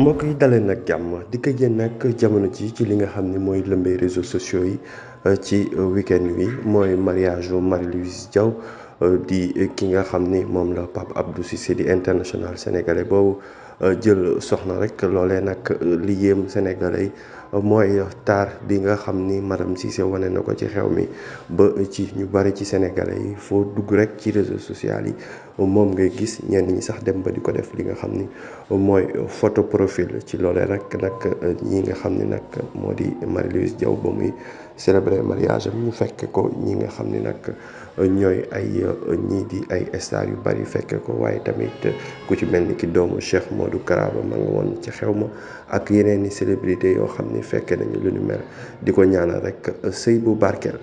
mbokk yi dalee nag jàmm di ko génn nag jamono ji ci li nga xam ni mooy lëmbee réseaux sociaux yi euh, ci week-end wi mooy mariage Marie-Louise Diaw euh, di ki nga xam ni moom la Pape Abdou Cissé di international sénégalais boobu jël soxna rek loolee nag li yéem sénégalais mooy taar bi nga xam ni madame Cissé wane na ko ci xew mi ba ci ñu bari ci sénégalais yi foo dugg rek ci réseaux sociale yi moom ngay gis ñenn ñi sax dem ba di ko def li nga xam ni mooy photo profil ci loole rek nag ñi nga xam ni nag moo di Marie Louise Diaw ba muy célébrer mariage am fekk ko ñi nga xam ni nag ñooy ay ñii di ay star yu bari fekk ko waaye tamit ku ci mel ni ki doomu Cheikh Modou Kara ma nga woon ci xew ma ak yeneen i célébrité yoo xam ni fekkee nañu lu ñu mel di ko ñaanal rek sëy bu barkel